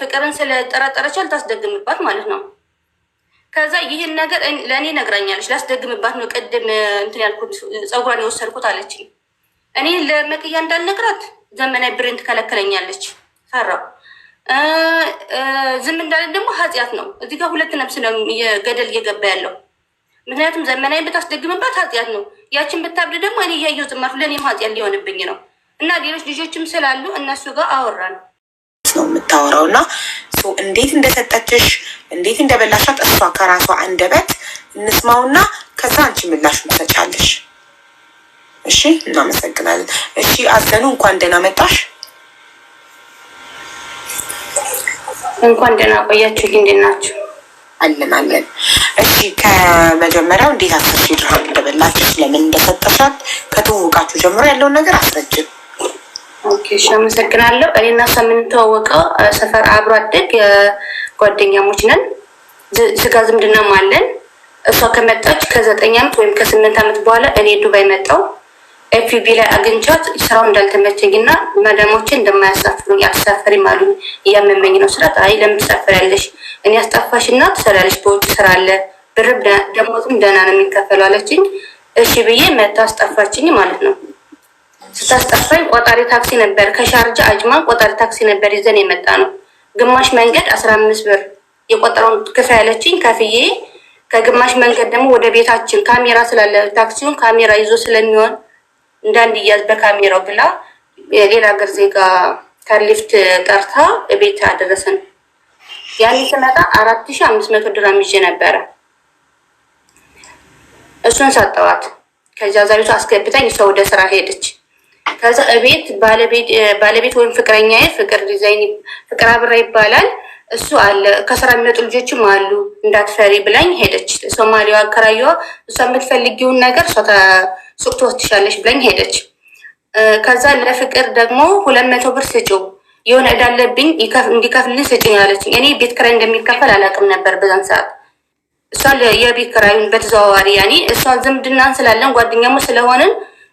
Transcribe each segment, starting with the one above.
ፍቅርን ስለጠረጠረች ልታስደግምባት ማለት ነው። ከዛ ይህን ነገር ለእኔ ነግራኛለች። ላስደግምባት ነው ቅድም እንትን ያልኩት ፀጉሯን የወሰድኩት አለችኝ። እኔ ለመቅያ እንዳልነግራት ዘመናዊ ብሬን ትከለክለኛለች። ፈራው ዝም እንዳለን ደግሞ ኃጢአት ነው። እዚህ ጋር ሁለት ነፍስ ነው ገደል እየገባ ያለው። ምክንያቱም ዘመናዊ ብታስደግምባት ኃጢአት ነው። ያችን ብታብድ ደግሞ እኔ እያየው ዝማር ለእኔም ኃጢአት ሊሆንብኝ ነው። እና ሌሎች ልጆችም ስላሉ እነሱ ጋር ነው። ነው የምታወራው እና እንዴት እንደሰጠችሽ እንዴት እንደበላሻት እሷ ከራሷ አንደበት እንስማውና ከዛ አንቺ ምላሽ ትሰጫለሽ። እሺ፣ እናመሰግናለን። እሺ፣ አዘኑ እንኳን ደህና መጣሽ። እንኳን ደህና ቆያችሁ። እንዴት ናችሁ? አለን አለን። እሺ፣ ከመጀመሪያው እንዴት አስረጅ ድርሃም እንደበላችሁ፣ ለምን እንደሰጠሻት ከትውውቃችሁ ጀምሮ ያለውን ነገር አስረጅም እሺ አመሰግናለሁ። እኔ እና እሷ የምንተዋወቀው ሰፈር አብሮ አደግ ጓደኛሞች ነን። ስጋ ዝምድናም አለን። እሷ ከመጣች ከዘጠኝ ዓመት ወይም ከስምንት ዓመት በኋላ እኔ ዱባይ መጣው ኤፍቢ ላይ አግኝቻት ስራው እንዳልተመቸኝ እና መዳሞቼ እንደማያሳፍሩኝ አልሳፈሪም አሉኝ። እያመመኝ ነው ስራት አይ ለምን ትሳፈሪያለሽ? እኔ አስጣፋሽ እና ትሰራለሽ፣ በውጭ ስራ አለ ብርብ ደሞዝም ደህና ነው የሚከፈሉ አለችኝ። እሺ ብዬ መታ አስጣፋችኝ ማለት ነው። ስታስጠፋኝ ቆጣሪ ታክሲ ነበር ከሻርጃ አጅማ ቆጣሪ ታክሲ ነበር ይዘን የመጣ ነው። ግማሽ መንገድ አስራ አምስት ብር የቆጠረውን ክፍያ ያለችኝ ከፍዬ ከግማሽ መንገድ ደግሞ ወደ ቤታችን ካሜራ ስላለ ታክሲውን ካሜራ ይዞ ስለሚሆን እንዳንድያዝ በካሜራው ብላ የሌላ ሀገር ዜጋ ከሊፍት ጠርታ ቤት አደረሰን። ያን ስመጣ አራት ሺ አምስት መቶ ድራም ይዤ ነበረ እሱን ሰጠዋት። ከዚያ ዛቤቱ አስገብታኝ ሰው ወደ ስራ ሄደች። ከዛ እቤት ባለቤት ወይም ፍቅረኛ ፍቅር ዲዛይን ፍቅር አብራ ይባላል እሱ አለ። ከስራ የሚመጡ ልጆችም አሉ እንዳትፈሪ ብላኝ ሄደች። ሶማሌዋ አከራየዋ እሷ የምትፈልጊውን ነገር እሷ ሱቅ ትወስድሻለች ብላኝ ሄደች። ከዛ ለፍቅር ደግሞ ሁለት መቶ ብር ስጭው የሆነ እዳለብኝ እንዲከፍልን እንዲከፍልልኝ ስጭኝ አለችኝ። እኔ ቤት ክራይ እንደሚከፈል አላውቅም ነበር በዛን ሰዓት። እሷ የቤት ኪራዩን በተዘዋዋሪ ያኔ እሷ ዝምድናን ስላለን ጓደኛሞ ስለሆንን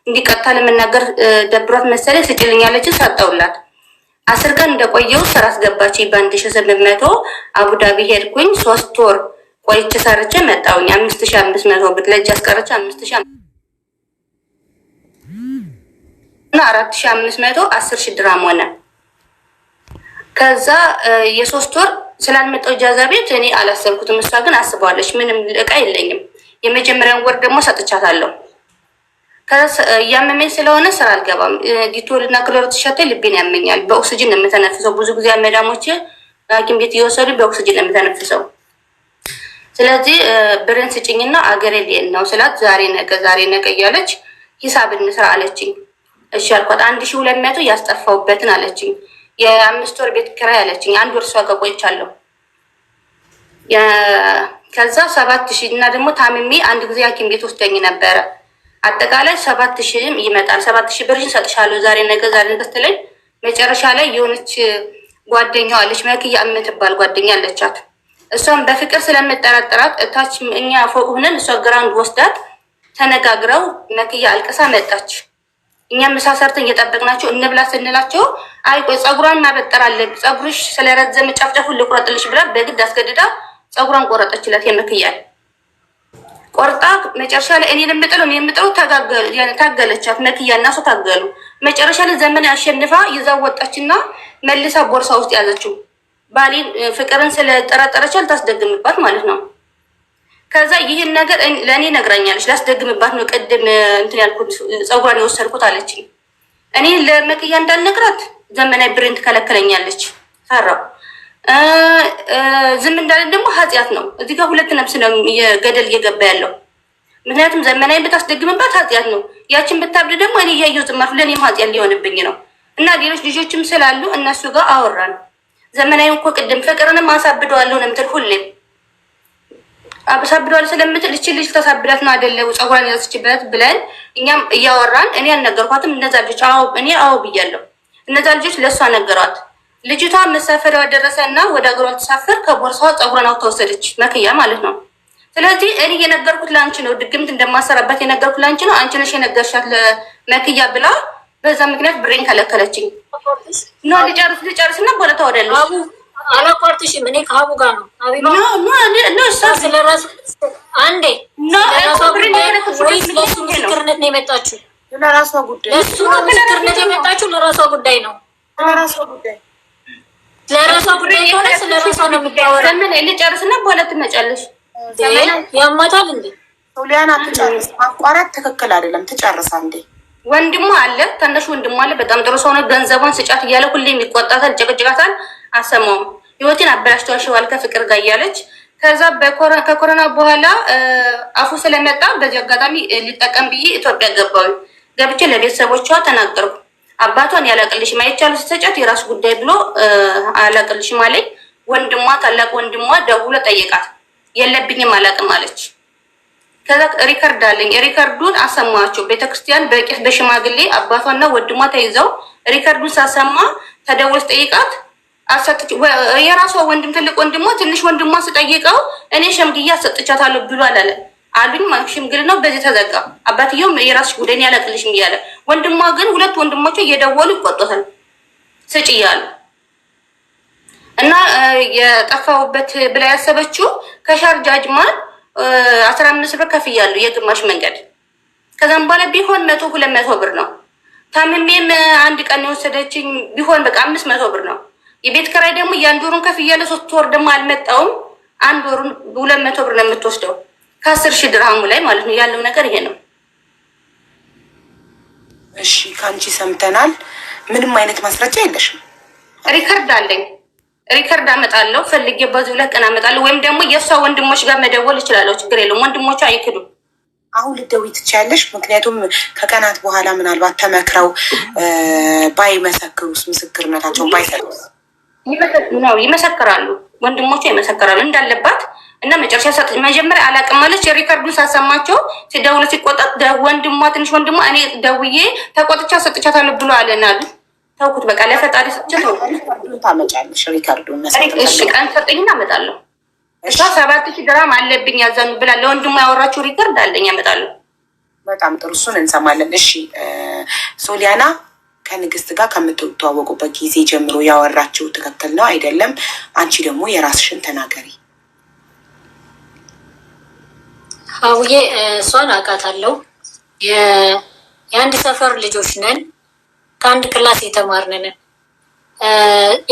እንዲህ ቀጥታ ለመናገር ደብሯት መሰለኝ ስጭልኛለች። ሰጠውላት። አስር ቀን እንደቆየው ስራ አስገባችኝ በአንድ ሺህ ስምንት መቶ አቡዳቢ ሄድኩኝ። ሶስት ወር ቆይቼ ሰርቼ መጣውኝ አምስት ሺህ አምስት መቶ ብትለጅ አስቀረች። አምስት እና አራት ሺህ አምስት መቶ አስር ሺህ ድራም ሆነ። ከዛ የሶስት ወር ስላልመጣው ጃዛ ቤት እኔ አላሰብኩትም። እሷ ግን አስበዋለች። ምንም እቃ የለኝም። የመጀመሪያውን ወር ደግሞ ሰጥቻታለሁ። እያመመኝ ስለሆነ ስራ አልገባም። ዲቶል ዲቶልና ክሎሮ ተሻተ ልቤን ያመኛል። በኦክስጅን ነው የምተነፍሰው። ብዙ ጊዜ አመዳሞች ሐኪም ቤት እየወሰዱ በኦክስጅን ነው የምተነፍሰው። ስለዚህ ብርን ስጭኝና አገሬ ልሄድ ነው ስላት፣ ዛሬ ነገ፣ ዛሬ ነገ እያለች ሂሳብ እንስራ አለችኝ። እሺ አልኳት። አንድ ሺ ሁለት መቶ ያስጠፋውበትን አለችኝ። የአምስት ወር ቤት ኪራይ አለችኝ። አንድ ወር እሷ ጋር ቆይቻለሁ። ከዛ ሰባት ሺ እና ደግሞ ታምሜ አንድ ጊዜ ሐኪም ቤት ወስደኝ ነበረ አጠቃላይ ሰባት ሺህም ይመጣል። ሰባት ሺህ ብር ሰጥሻለሁ ዛሬ ነገ ዛሬ በስተለኝ መጨረሻ ላይ የሆነች ጓደኛዋ አለች፣ መክያ የምትባል ጓደኛ አለቻት። እሷም በፍቅር ስለምጠራጠራት እታች እኛ ፎቅ ሆነን እሷ ግራንድ ወስዳት ተነጋግረው መክያ አልቅሳ መጣች። እኛ ምሳ ሰርተን እየጠበቅናቸው እንብላ ስንላቸው አይ ቆይ ፀጉሯን ማበጠር አለብኝ ፀጉርሽ ስለረዘመ ጫፍጫፉን ልቁረጥልሽ ብላ በግድ አስገድዳ ፀጉሯን ቆረጠችላት የመክያል ቆርጣ መጨረሻ ላይ እኔን የምጥለው እኔ የምጥለው ታገለቻት። ነክያ እና ታገሉ። መጨረሻ ላይ ዘመን አሸንፋ ይዛ ወጣችና መልሳ ቦርሳ ውስጥ ያዘችው። ባሌን ፍቅርን ስለጠረጠረች ልታስደግምባት ማለት ነው። ከዛ ይህን ነገር ለእኔ ነግራኛለች። ላስደግምባት ነው ቅድም እንትን ያልኩት ፀጉሯን የወሰድኩት አለችኝ። እኔ ለመክያ እንዳልነግራት ዘመናዊ ብሬን ትከለክለኛለች። ሰራው ዝም እንዳለን ደግሞ ኃጢአት ነው። እዚህ ጋር ሁለት ነፍስ ነው የገደል እየገባ ያለው። ምክንያቱም ዘመናዊ ብታስደግምባት ኃጢአት ነው። ያችን ብታብድ ደግሞ እኔ እያየው ዝማር ለእኔም ኃጢአት ሊሆንብኝ ነው እና ሌሎች ልጆችም ስላሉ እነሱ ጋር አወራን። ዘመናዊ እኮ ቅድም ፍቅርንም አሳብደዋለሁ ነው የምትል ሁሌም አሳብደዋለሁ ስለምትል እችን ልጅ ተሳብዳት ነው አደለው ፀጉሯን ያስችበት ብለን እኛም እያወራን እኔ አልነገርኳትም። እነዛ ልጆች እኔ አዎ ብያለሁ። እነዛ ልጆች ለእሷ ነገሯት። ልጅቷ መሳፈሪያ ደረሰ እና ወደ አገሯ ልትሳፈር ከቦርሳዋ ፀጉሯን አውጥታ ወሰደች። መክያ ማለት ነው። ስለዚህ እኔ የነገርኩት ለአንቺ ነው፣ ድግምት እንደማሰራበት የነገርኩት ለአንቺ ነው። አንቺ ነሽ የነገርሻት ለመክያ ብላ በዛ ምክንያት ብሬን ከለከለችኝ። ኖ ልጨርስ ልጨርስ እና ቦለታ ታወዳለች። አላቋርጥሽም። እኔ ከአቡ ጋር ነው። አንዴ ምስክርነት ነው የመጣችሁ። ለራሷ ጉዳይ ለሱ ምስክርነት የመጣችሁ ለራሷ ጉዳይ ነው። ለራሷ ጉዳይ ለራሷ ጉዳይ ከሆነ ስለ ራሷ ነው የምታወራው። ዘመን ልጨርስና በኋላ ትመጫለሽ። ያማታል እንዴ ሶሊያና ትጨርስ። ማቋረጥ ትክክል አይደለም። ትጨርሳ እንዴ ወንድሟ አለ፣ ወንድሟ አለ። በጣም ጥሩ ሰው ነው። ገንዘቧን ስጫት እያለ ሁሌም ይቆጣታል፣ ጨቅጭቃታል፣ አሰማውም። ህይወቴን ከፍቅር ጋር እያለች ከዛ ከኮሮና በኋላ አፉ ስለመጣ በዚህ አጋጣሚ ሊጠቀም ብዬ ኢትዮጵያ ገባሁ። ገብቼ ለቤተሰቦቿ ተናገርኩ። አባቷን ያላቅልሽም ማይቻል ስትሰጫት የራሱ ጉዳይ ብሎ አላቅልሽም ማለኝ። ወንድሟ ታላቅ ወንድሟ ደውሎ ጠየቃት። የለብኝም አላቅም አለች። ከዛ ሪከርድ አለኝ። ሪከርዱን አሰማቸው። ቤተክርስቲያን በቄስ በሽማግሌ አባቷና ወንድሟ ተይዘው ሪከርዱን ሳሰማ ተደውሎ ጠይቃት አሰጥች የራሷ ወንድም ትልቅ ወንድሟ ትንሽ ወንድሟ ስጠይቀው እኔ ሸምግያ አሰጥቻታለሁ ብሏል አለ አሉኝ። ሽምግል ነው በዚህ ተዘጋ። አባትየውም የራስሽ ጉዳይ ያለቅልሽ አላቅልሽም እያለ ወንድሟ ግን ሁለት ወንድሞቹ እየደወሉ ይቆጡታል ስጭ እያሉ እና የጠፋሁበት ብላ ያሰበችው ከሻርጃ አጅማ አስራ አምስት ብር ከፍያለሁ የግማሽ መንገድ ከዛም በኋላ ቢሆን መቶ ሁለት መቶ ብር ነው። ታምሜም አንድ ቀን የወሰደችኝ ቢሆን በቃ አምስት መቶ ብር ነው። የቤት ኪራይ ደግሞ የአንድ ወሩን ከፍያለሁ። ሶስት ወር ደግሞ አልመጣውም። አንድ ወሩን ሁለት መቶ ብር ነው የምትወስደው ከአስር ሺህ ድርሃሙ ላይ ማለት ነው። ያለው ነገር ይሄ ነው። ከአንቺ ሰምተናል። ምንም አይነት ማስረጃ የለሽም። ሪከርድ አለኝ። ሪከርድ አመጣለሁ ፈልጌ በዚሁ ላይ ቀን አመጣለሁ። ወይም ደግሞ የእሷ ወንድሞች ጋር መደወል እችላለሁ። ችግር የለም። ወንድሞቹ አይክዱም። አሁን ልትደውይ ትችያለሽ። ምክንያቱም ከቀናት በኋላ ምናልባት ተመክረው ባይመሰክሩስ ምስክርነታቸው ባይሰጡስ? ይመሰክራሉ ወንድሞቿ ይመሰክራሉ እንዳለባት እና መጨረሻ መጀመሪያ አላቅም አለች። ሪከርዱን ሳሰማቸው ሲደውሉ ሲቆጣት ወንድሟ ትንሽ ወንድሟ እኔ ደውዬ ተቆጥቻ ሰጥቻታለሁ ብሎ አለናሉ። ተውኩት በቃ ለፈጣሪ ሰጥቼ ታመጫለሽ ሪከርዱን ቀን ሰጠኝና አመጣለሁ። እሷ ሰባት ሺህ ድራም አለብኝ ያዛኑ ብላ ለወንድሟ ያወራችው ሪከርድ አለኝ አመጣለሁ። በጣም ጥሩ እሱን እንሰማለን። እሺ ሶሊያና ከንግስት ጋር ከምትተዋወቁበት ጊዜ ጀምሮ ያወራችው ትክክል ነው አይደለም? አንቺ ደግሞ የራስሽን ተናገሪ። አውዬ እሷን አውቃታለሁ። የአንድ ሰፈር ልጆች ነን፣ ከአንድ ክላስ የተማርን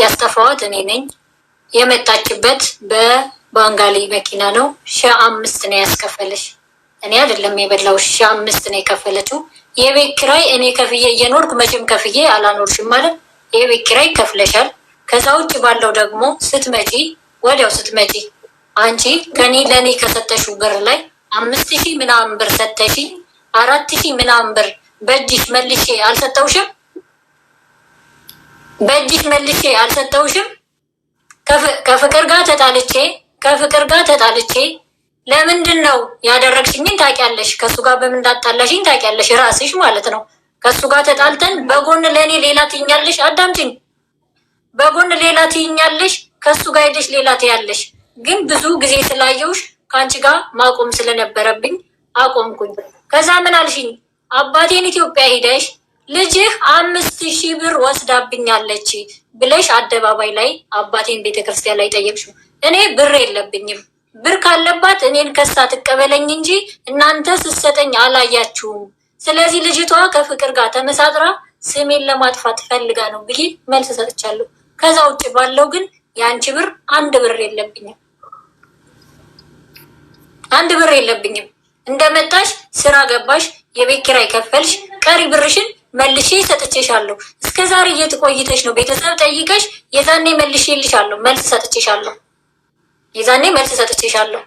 ያስጠፋዋት እኔ ነኝ። የመጣችበት በባንጋሊ መኪና ነው። ሺ አምስት ነው ያስከፈለሽ፣ እኔ አይደለም የበላው። ሺ አምስት ነው የከፈለችው የቤት ኪራይ እኔ ከፍዬ እየኖርኩ መቼም ከፍዬ አላኖርሽም ማለት የቤት ኪራይ ከፍለሻል። ከዛ ውጭ ባለው ደግሞ ስትመጪ ወዲያው ስትመጪ አንቺ ከኔ ለእኔ ከሰጠሽው ብር ላይ አምስት ሺህ ምናምን ብር ሰጠሽ አራት ሺህ ምናምን ብር በእጅሽ መልሼ አልሰጠውሽም። በእጅሽ መልሼ አልሰጠውሽም። ከፍቅር ጋር ተጣልቼ ከፍቅር ጋር ተጣልቼ ለምንድን ነው ያደረግሽኝን ታውቂያለሽ። ከእሱ ጋር በምን እንዳጣላሽኝ ታውቂያለሽ፣ ራስሽ ማለት ነው። ከእሱ ጋር ተጣልተን በጎን ለእኔ ሌላ ትይኛለሽ። አዳምጪኝ። በጎን ሌላ ትይኛለሽ፣ ከእሱ ጋር ሄደሽ ሌላ ትያለሽ። ግን ብዙ ጊዜ ስላየውሽ ከአንቺ ጋር ማቆም ስለነበረብኝ አቆምኩኝ። ከዛ ምን አልሽኝ? አባቴን ኢትዮጵያ ሄደሽ ልጅህ አምስት ሺህ ብር ወስዳብኛለች ብለሽ አደባባይ ላይ አባቴን ቤተክርስቲያን ላይ ጠየቅሽው። እኔ ብር የለብኝም ብር ካለባት እኔን ከሳ ትቀበለኝ እንጂ እናንተ ስትሰጠኝ አላያችሁም። ስለዚህ ልጅቷ ከፍቅር ጋር ተመሳጥራ ስሜን ለማጥፋት ፈልጋ ነው ብዬ መልስ ሰጥቻለሁ። ከዛ ውጭ ባለው ግን የአንቺ ብር አንድ ብር የለብኝም፣ አንድ ብር የለብኝም። እንደመጣሽ ስራ ገባሽ፣ የቤት ኪራይ ከፈልሽ፣ ቀሪ ብርሽን መልሼ ሰጥቼሻለሁ። እስከዛሬ የት ቆይተሽ ነው? ቤተሰብ ጠይቀሽ የዛኔ መልሼልሻለሁ፣ መልስ ሰጥቼሻለሁ። የዛኔ መልስ ሰጥቼሻለሁ።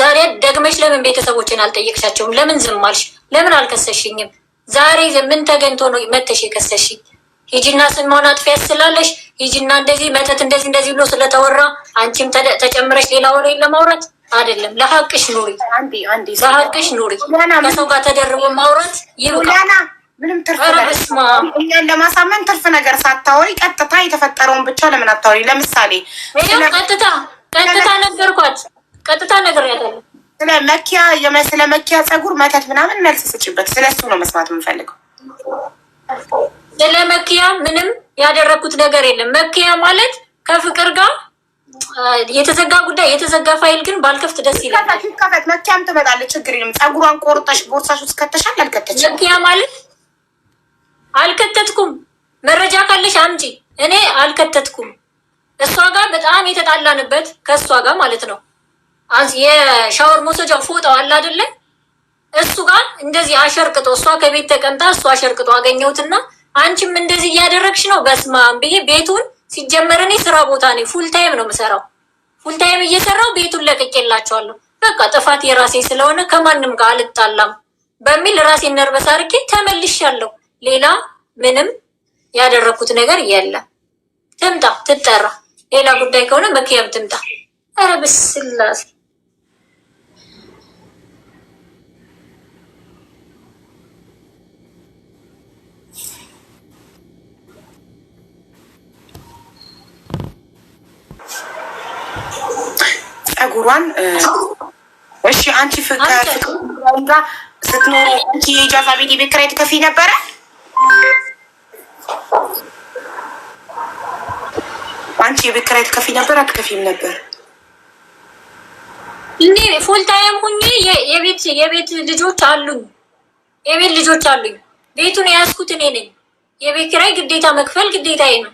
ዛሬ ደግመሽ ለምን ቤተሰቦችን አልጠየቅሻቸውም? ለምን ዝም አልሽ? ለምን አልከሰሽኝም? ዛሬ ምን ተገኝቶ ነው መተሽ የከሰሽኝ? ሂጂና ስሟን አጥፊያት ስላለሽ ሂጂና እንደዚህ መተት እንደዚህ እንደዚህ ብሎ ስለተወራ አንቺም ተጨምረሽ ሌላ ወሬ ለማውራት አይደለም። ለሀቅሽ ኑሪ፣ ለሀቅሽ ኑሪ። ከሰው ጋር ተደርቦ ማውራት ይሩላና ምንም ትርፍ እኛን ለማሳመን ትርፍ ነገር ሳታወሪ ቀጥታ የተፈጠረውን ብቻ ለምን አታወሪ? ለምሳሌ ቀጥታ ቀጥታ ነገርኳት። ቀጥታ ነገር ስለ መኪያ ስለ መኪያ ጸጉር መተት ምናምን መልስ ስጭበት። ስለሱ ነው መስማት የምንፈልገው። ስለ መኪያ ምንም ያደረግኩት ነገር የለም። መኪያ ማለት ከፍቅር ጋር የተዘጋ ጉዳይ የተዘጋ ፋይል ግን ባልከፍት ደስ ይላል። ከፈት መኪያም ትመጣለች፣ ችግር የለም። ጸጉሯን ቆርጠሽ ቦርሳሽ ውስጥ ከተሻል። አልከተችም። መኪያ ማለት አልከተትኩም። መረጃ ካለሽ አምጪ። እኔ አልከተትኩም። እሷ ጋር በጣም የተጣላንበት ከእሷ ጋር ማለት ነው። የሻወር መውሰጃው ፎጣው አለ አይደለ? እሱ ጋር እንደዚህ አሸርቅጦ እሷ ከቤት ተቀምጣ እሱ አሸርቅጦ አገኘሁትና አንቺም እንደዚህ እያደረግሽ ነው በስማ ብዬ ቤቱን ሲጀመር እኔ ስራ ቦታ ነኝ። ፉል ታይም ነው የምሰራው። ፉል ታይም እየሰራው ቤቱን ለቅቄላቸዋለሁ። በቃ ጥፋት የራሴ ስለሆነ ከማንም ጋር አልጣላም በሚል ራሴን ነርበስ አድርጌ ተመልሻለሁ። ሌላ ምንም ያደረኩት ነገር የለም። ትምጣ ትጠራ ሌላ ጉዳይ ከሆነ መኪያም ትምጣ። ኧረ ብስላሴ ጸጉሯን እሺ፣ አንቺ ስትኖሪ አንቺ የጃዛ ቤት የቤት ኪራይ ትከፍይ ነበረ? አንቺ የቤት ኪራይ ትከፊ ነበር አትከፊም ነበር? እንዴ ፉል ታይም ሁኜ የቤት የቤት ልጆች አሉኝ። የቤት ልጆች አሉኝ። ቤቱን የያዝኩት እኔ ነኝ። የቤት ኪራይ ግዴታ መክፈል ግዴታዬ ነው።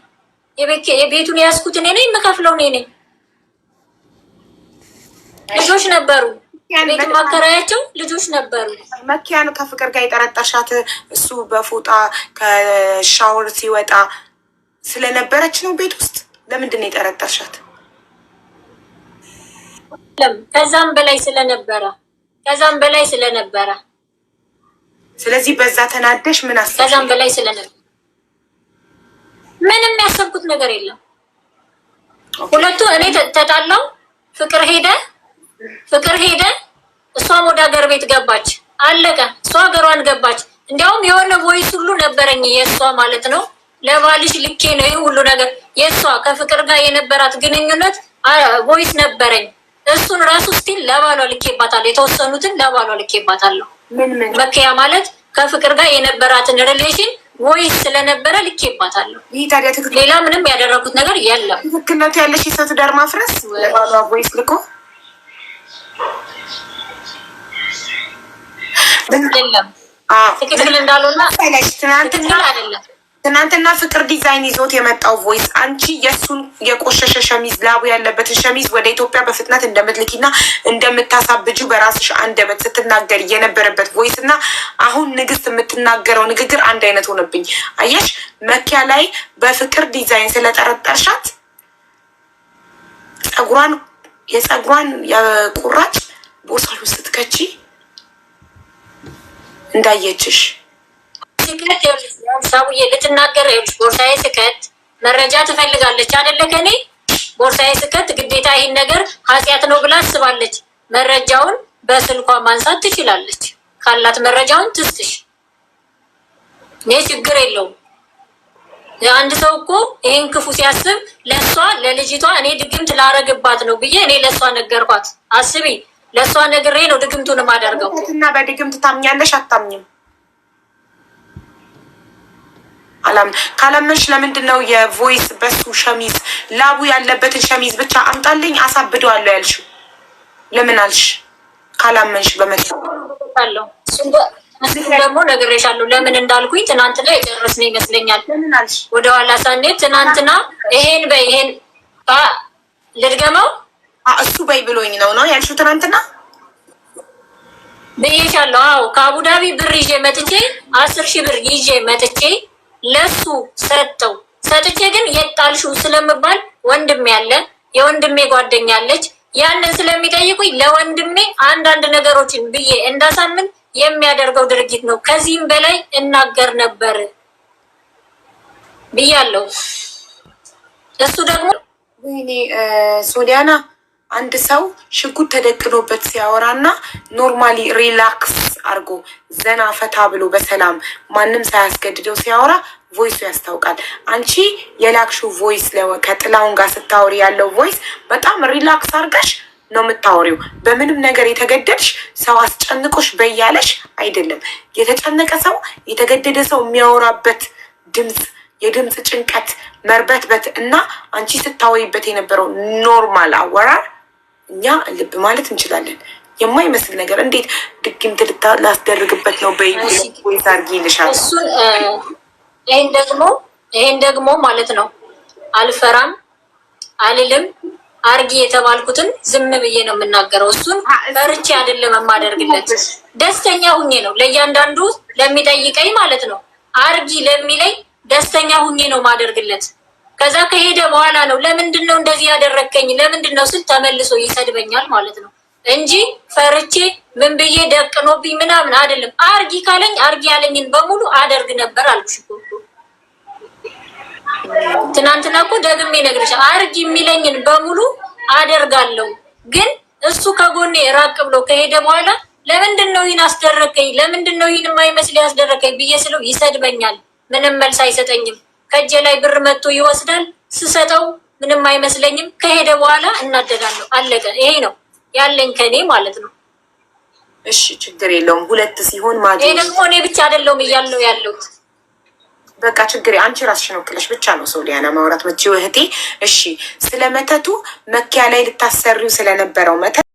የቤቱን የያዝኩት እኔ ነኝ፣ የምከፍለው እኔ ነኝ። ልጆች ነበሩ፣ ቤት ማከራያቸው ልጆች ነበሩ። መኪያኑ ከፍቅር ጋር የጠረጠርሻት እሱ በፎጣ ከሻወር ሲወጣ ስለነበረች ነው ቤት ውስጥ ለምንድን ነው የጠረጠርሻት? ከዛም በላይ ስለነበረ ከዛም በላይ ስለነበረ ስለዚህ በዛ ተናደሽ ምን አስ ከዛም በላይ ስለነበረ ምንም ያሰብኩት ነገር የለም። ሁለቱ እኔ ተጣላው፣ ፍቅር ሄደ፣ ፍቅር ሄደ። እሷም ወደ ሀገር ቤት ገባች፣ አለቀ። እሷ ሀገሯን ገባች። እንዲያውም የሆነ ቮይስ ሁሉ ነበረኝ የእሷ ማለት ነው ለባልሽ ልኬ ነው ይህ ሁሉ ነገር። የእሷ ከፍቅር ጋር የነበራት ግንኙነት ቮይስ ነበረኝ። እሱን ራሱ ስቲል ለባሏ ልኬባታለሁ፣ የተወሰኑትን ለባሏ ልኬባታለሁ። መከያ ማለት ከፍቅር ጋር የነበራትን ሪሌሽን ቮይስ ስለነበረ ልኬባታለሁ። ሌላ ምንም ያደረጉት ነገር የለም። ትክክልነቱ ያለሽ የሰው ትዳር ማፍረስ ለባሏ ቮይስ ልኮ የለም ትክክል እንዳሉና ትክክል አይደለም። ትናንትና ፍቅር ዲዛይን ይዞት የመጣው ቮይስ አንቺ የእሱን የቆሸሸ ሸሚዝ ላቡ ያለበትን ሸሚዝ ወደ ኢትዮጵያ በፍጥነት እንደምትልኪና እንደምታሳብጁ በራስሽ አንደበት ስትናገር የነበረበት ቮይስ እና አሁን ንግስት የምትናገረው ንግግር አንድ አይነት ሆነብኝ። አየሽ መኪያ ላይ በፍቅር ዲዛይን ስለጠረጠርሻት ጸጉሯን የጸጉሯን ቁራጭ ቦርሳሉ ስትከቺ እንዳየችሽ ስከት ሳቡዬ ልትናገር ቦርሳዬ ስከት መረጃ ትፈልጋለች አይደለ? ከኔ ቦርሳዬ ስከት ግዴታ ይህን ነገር ኃጢአት ነው ብላ አስባለች። መረጃውን በስልኳ ማንሳት ትችላለች። ካላት መረጃውን ትስጥሽ። እኔ ችግር የለውም። አንድ ሰው እኮ ይህን ክፉ ሲያስብ ለእሷ ለልጅቷ እኔ ድግምት ላረግባት ነው ብዬ እኔ ለእሷ ነገርኳት። አስቢ፣ ለእሷ ነግሬ ነው ድግምቱን ማደርገው እና በድግምት ታምኛለሽ አታምኝም? አላም ካላመንሽ ለምንድን ነው የቮይስ በሱ ሸሚዝ ላቡ ያለበትን ሸሚዝ ብቻ አምጣልኝ አሳብደዋለሁ ያልሽው? ለምን አልሽ? ካላመንሽ በመት ደግሞ ነግሬሻለሁ። ለምን እንዳልኩኝ ትናንት ትናንትና የጨረስን ይመስለኛል። ለምን አልሽ? ወደኋላ ሳንዴ ትናንትና ይሄን በይ ይሄን ልድገመው እሱ በይ ብሎኝ ነው ነው ያልሽው ትናንትና ብዬሻለሁ። አዎ ከአቡዳቢ ብር ይዤ መጥቼ አስር ሺህ ብር ይዤ መጥቼ ለሱ ሰጠው። ሰጥቼ ግን የጣልሽው ስለምባል ወንድሜ ያለ የወንድሜ ጓደኛ አለች። ያንን ስለሚጠይቁኝ ለወንድሜ አንዳንድ ነገሮችን ብዬ እንዳሳምን የሚያደርገው ድርጊት ነው። ከዚህም በላይ እናገር ነበር ብያለሁ። እሱ ደግሞ ወይኔ ሶሊያና አንድ ሰው ሽጉጥ ተደቅኖበት ሲያወራና ኖርማሊ ሪላክስ አርጎ ዘና ፈታ ብሎ በሰላም ማንም ሳያስገድደው ሲያወራ ቮይሱ ያስታውቃል። አንቺ የላክሹ ቮይስ ከጥላውን ጋር ስታወሪ ያለው ቮይስ በጣም ሪላክስ አርገሽ ነው የምታወሪው። በምንም ነገር የተገደድሽ ሰው አስጨንቆሽ በያለሽ አይደለም። የተጨነቀ ሰው የተገደደ ሰው የሚያወራበት ድምፅ የድምፅ ጭንቀት መርበትበት እና አንቺ ስታወይበት የነበረው ኖርማል አወራር እኛ ልብ ማለት እንችላለን። የማይመስል ነገር እንዴት ድግምት ላስደርግበት ነው በይታርጊ ይልሻል። እሱን ይህን ደግሞ ይህን ደግሞ ማለት ነው አልፈራም አልልም አርጊ የተባልኩትን ዝም ብዬ ነው የምናገረው። እሱን ፈርቼ አይደለም የማደርግለት ደስተኛ ሁኜ ነው ለእያንዳንዱ ለሚጠይቀኝ ማለት ነው አርጊ ለሚለኝ ደስተኛ ሁኜ ነው ማደርግለት። ከዛ ከሄደ በኋላ ነው ለምንድን ነው እንደዚህ ያደረግከኝ ለምንድን ነው ስል ተመልሶ ይሰድበኛል ማለት ነው። እንጂ ፈርቼ ምን ብዬ ደቅኖብኝ ምናምን አይደለም። አርጊ ካለኝ አርጊ ያለኝን በሙሉ አደርግ ነበር አልኩሽ ትናንትና እኮ ደግሜ ነግሬሻለሁ። አርጊ የሚለኝን በሙሉ አደርጋለሁ። ግን እሱ ከጎኔ ራቅ ብሎ ከሄደ በኋላ ለምንድን ነው ይህን አስደረከኝ? ለምንድን ነው ይህን የማይመስል ያስደረከኝ ብዬ ስለው ይሰድበኛል። ምንም መልስ አይሰጠኝም። ከእጄ ላይ ብር መጥቶ ይወስዳል። ስሰጠው ምንም አይመስለኝም። ከሄደ በኋላ እናደዳለሁ። አለቀ። ይሄ ነው ያለኝ ከኔ ማለት ነው። እሺ ችግር የለውም ሁለት ሲሆን ማለት ይሄ ደግሞ እኔ ብቻ አይደለሁም እያለው ያለሁት በቃ ችግር አንቺ ራስሽን ወክለሽ ብቻ ነው ሰው ሊያና ማውራት መቼው እህቴ። እሺ ስለ መተቱ መኪያ ላይ ልታሰሪው ስለነበረው መተት